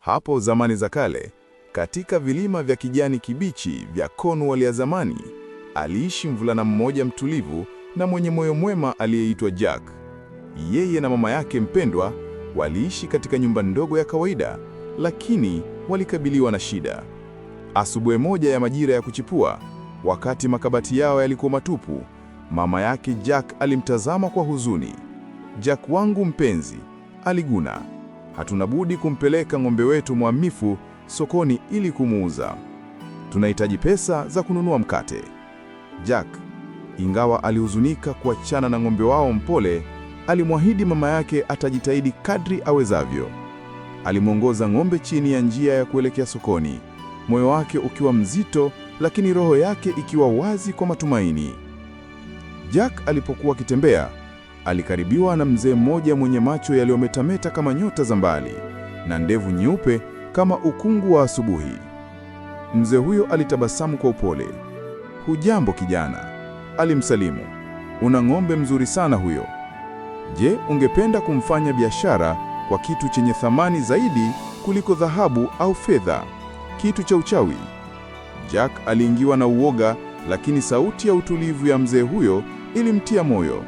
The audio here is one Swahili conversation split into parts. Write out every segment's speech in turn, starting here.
Hapo zamani za kale, katika vilima vya kijani kibichi vya Cornwall ya zamani, aliishi mvulana mmoja mtulivu na mwenye moyo mwema aliyeitwa Jack. Yeye na mama yake mpendwa waliishi katika nyumba ndogo ya kawaida, lakini walikabiliwa na shida. Asubuhi moja ya majira ya kuchipua, wakati makabati yao yalikuwa matupu, mama yake Jack alimtazama kwa huzuni. Jack wangu mpenzi, aliguna hatuna budi kumpeleka ng'ombe wetu mwamifu sokoni ili kumuuza. Tunahitaji pesa za kununua mkate. Jack, ingawa alihuzunika kuachana na ng'ombe wao mpole, alimwahidi mama yake atajitahidi kadri awezavyo. Alimwongoza ng'ombe chini ya njia ya kuelekea sokoni, moyo wake ukiwa mzito, lakini roho yake ikiwa wazi kwa matumaini. Jack alipokuwa akitembea alikaribiwa na mzee mmoja mwenye macho yaliyometameta kama nyota za mbali na ndevu nyeupe kama ukungu wa asubuhi. Mzee huyo alitabasamu kwa upole. Hujambo kijana, alimsalimu. Una ng'ombe mzuri sana huyo. Je, ungependa kumfanya biashara kwa kitu chenye thamani zaidi kuliko dhahabu au fedha, kitu cha uchawi? Jack aliingiwa na uoga, lakini sauti ya utulivu ya mzee huyo ilimtia moyo.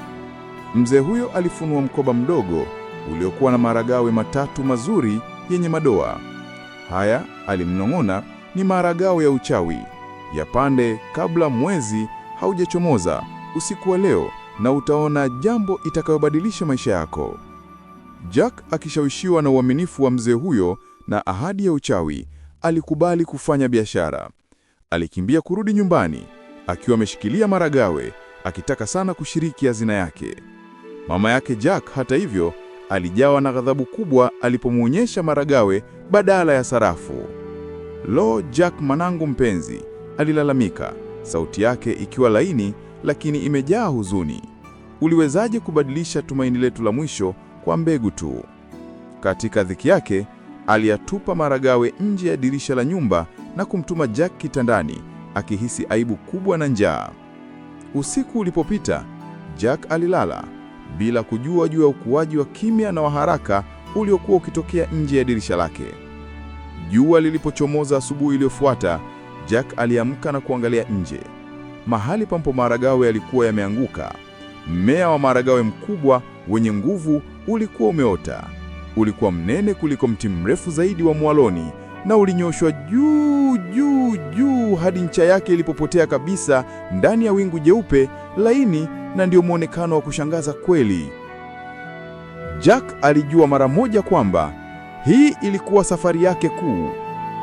Mzee huyo alifunua mkoba mdogo uliokuwa na maragawe matatu mazuri yenye madoa. Haya, alimnong'ona, ni maragawe ya uchawi. Yapande kabla mwezi haujachomoza usiku wa leo, na utaona jambo itakayobadilisha maisha yako. Jack akishawishiwa na uaminifu wa mzee huyo na ahadi ya uchawi, alikubali kufanya biashara. Alikimbia kurudi nyumbani akiwa ameshikilia maragawe akitaka sana kushiriki hazina yake. Mama yake Jack, hata hivyo, alijawa na ghadhabu kubwa alipomwonyesha maragawe badala ya sarafu. Lo, Jack mwanangu mpenzi, alilalamika, sauti yake ikiwa laini lakini imejaa huzuni. Uliwezaje kubadilisha tumaini letu la mwisho kwa mbegu tu? Katika dhiki yake, aliyatupa maragawe nje ya dirisha la nyumba na kumtuma Jack kitandani akihisi aibu kubwa na njaa. Usiku ulipopita, Jack alilala bila kujua juu ya ukuaji wa kimya na wa haraka uliokuwa ukitokea nje ya dirisha lake. Jua lilipochomoza asubuhi iliyofuata, Jack aliamka na kuangalia nje. Mahali pampo maharagwe yalikuwa yameanguka. Mmea wa maharagwe mkubwa wenye nguvu ulikuwa umeota. Ulikuwa mnene kuliko mti mrefu zaidi wa mwaloni na ulinyoshwa juu juu juu hadi ncha yake ilipopotea kabisa ndani ya wingu jeupe laini, na ndio mwonekano wa kushangaza kweli. Jack alijua mara moja kwamba hii ilikuwa safari yake kuu.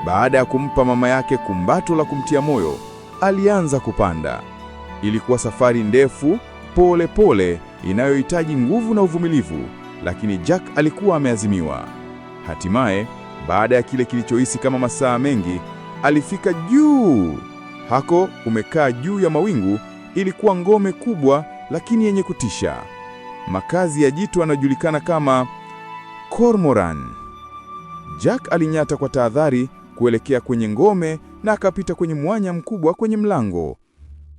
Baada ya kumpa mama yake kumbato la kumtia moyo, alianza kupanda. Ilikuwa safari ndefu, pole pole, inayohitaji nguvu na uvumilivu, lakini Jack alikuwa ameazimiwa. Hatimaye, baada ya kile kilichohisi kama masaa mengi alifika juu. Hako umekaa juu ya mawingu, ilikuwa ngome kubwa lakini yenye kutisha. Makazi ya jitu anajulikana kama Cormoran. Jack alinyata kwa tahadhari kuelekea kwenye ngome na akapita kwenye mwanya mkubwa kwenye mlango.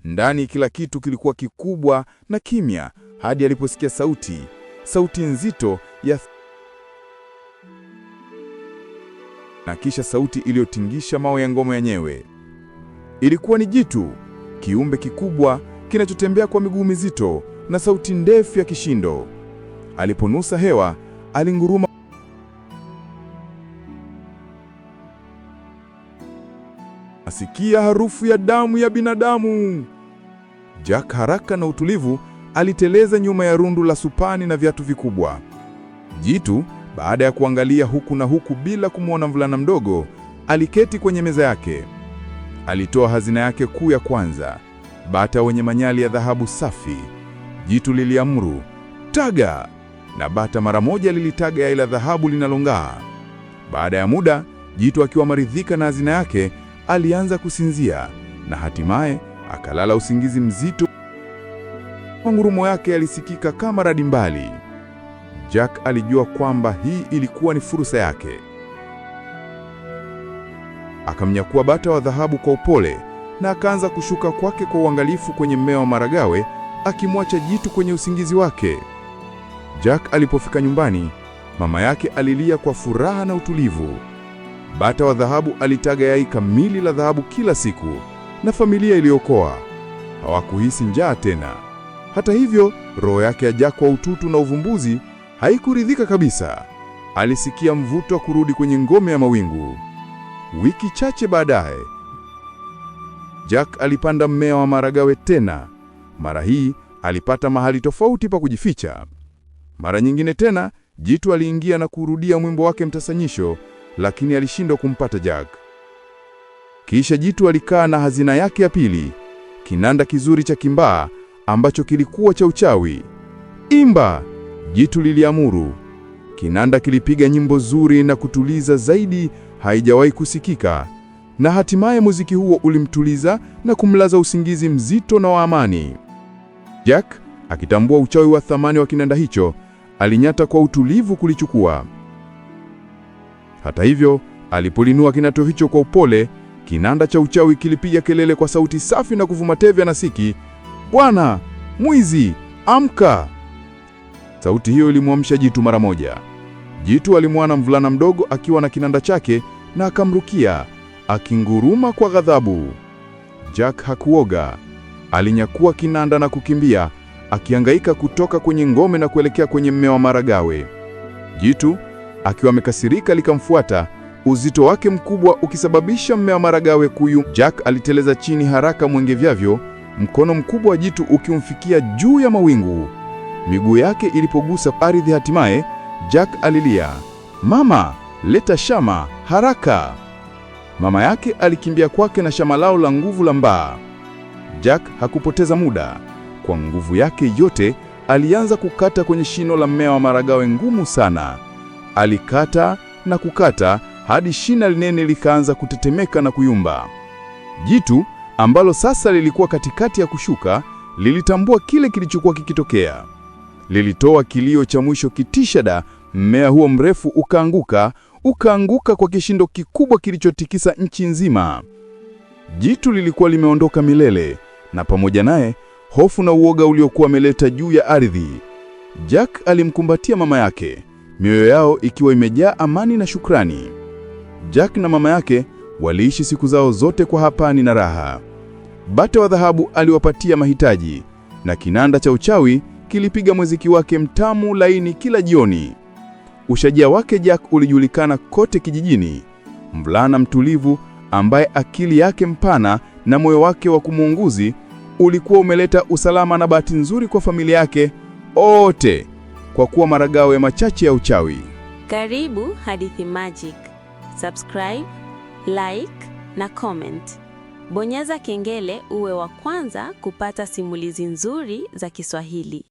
Ndani kila kitu kilikuwa kikubwa na kimya hadi aliposikia sauti, sauti nzito ya na kisha sauti iliyotingisha mawe ya ngoma yenyewe. Ilikuwa ni jitu, kiumbe kikubwa kinachotembea kwa miguu mizito na sauti ndefu ya kishindo. Aliponusa hewa, alinguruma asikia harufu ya damu ya binadamu. Jack haraka na utulivu aliteleza nyuma ya rundu la supani na viatu vikubwa. Jitu baada ya kuangalia huku na huku bila kumwona mvulana mdogo, aliketi kwenye meza yake. Alitoa hazina yake kuu ya kwanza, bata wenye manyali ya dhahabu safi. Jitu liliamuru taga, na bata mara moja lilitaga yai la dhahabu linalong'aa. Baada ya muda, jitu akiwa maridhika na hazina yake, alianza kusinzia na hatimaye Akalala usingizi mzito. Mangurumo yake yalisikika kama radi mbali. Jack alijua kwamba hii ilikuwa ni fursa yake. Akamnyakua bata wa dhahabu kwa upole na akaanza kushuka kwake kwa uangalifu kwenye mmea wa maragawe, akimwacha jitu kwenye usingizi wake. Jack alipofika nyumbani, mama yake alilia kwa furaha na utulivu. Bata wa dhahabu alitaga yai kamili la dhahabu kila siku, na familia iliokoa hawakuhisi njaa tena. Hata hivyo, roho yake ya Jack wa ututu na uvumbuzi haikuridhika kabisa. Alisikia mvuto wa kurudi kwenye ngome ya mawingu. Wiki chache baadaye, Jack alipanda mmea wa maragawe tena. Mara hii alipata mahali tofauti pa kujificha. Mara nyingine tena jitu aliingia na kurudia mwimbo wake mtasanyisho, lakini alishindwa kumpata Jack. Kisha jitu alikaa na hazina yake ya pili, kinanda kizuri cha kimbaa ambacho kilikuwa cha uchawi. Imba, jitu liliamuru. Kinanda kilipiga nyimbo nzuri na kutuliza zaidi haijawahi kusikika, na hatimaye muziki huo ulimtuliza na kumlaza usingizi mzito na wa amani. Jack akitambua uchawi wa thamani wa kinanda hicho, alinyata kwa utulivu kulichukua. Hata hivyo, alipolinua kinato hicho kwa upole, kinanda cha uchawi kilipiga kelele kwa sauti safi na kuvuma tevya na siki, Bwana mwizi, amka! Sauti hiyo ilimwamsha Jitu mara moja. Jitu alimwana mvulana mdogo akiwa na kinanda chake na akamrukia akinguruma kwa ghadhabu. Jack hakuoga, alinyakua kinanda na kukimbia akihangaika kutoka kwenye ngome na kuelekea kwenye mme wa Maragawe. Jitu akiwa amekasirika likamfuata, uzito wake mkubwa ukisababisha mme wa Maragawe kuyu. Jack aliteleza chini haraka mwengevyavyo, mkono mkubwa wa Jitu ukimfikia juu ya mawingu. Miguu yake ilipogusa ardhi, hatimaye Jack alilia, mama, leta shama haraka! Mama yake alikimbia kwake na shama lao la nguvu la mbaa. Jack hakupoteza muda. Kwa nguvu yake yote alianza kukata kwenye shino la mmea wa maragawe ngumu sana. Alikata na kukata hadi shina linene likaanza kutetemeka na kuyumba. Jitu ambalo sasa lilikuwa katikati ya kushuka lilitambua kile kilichokuwa kikitokea lilitoa kilio cha mwisho kitishada. Mmea huo mrefu ukaanguka, ukaanguka kwa kishindo kikubwa kilichotikisa nchi nzima. Jitu lilikuwa limeondoka milele, na pamoja naye hofu na uoga uliokuwa ameleta juu ya ardhi. Jack alimkumbatia mama yake, mioyo yao ikiwa imejaa amani na shukrani. Jack na mama yake waliishi siku zao zote kwa hapani na raha. Bata wa dhahabu aliwapatia mahitaji, na kinanda cha uchawi kilipiga muziki wake mtamu laini kila jioni. ushajia wake Jack ulijulikana kote kijijini. Mvulana mtulivu ambaye akili yake mpana na moyo wake wa kumuunguzi ulikuwa umeleta usalama na bahati nzuri kwa familia yake wote, kwa kuwa maragawe machache ya uchawi. Karibu Hadithi Magic. Subscribe, like na comment. Bonyeza kengele uwe wa kwanza kupata simulizi nzuri za Kiswahili.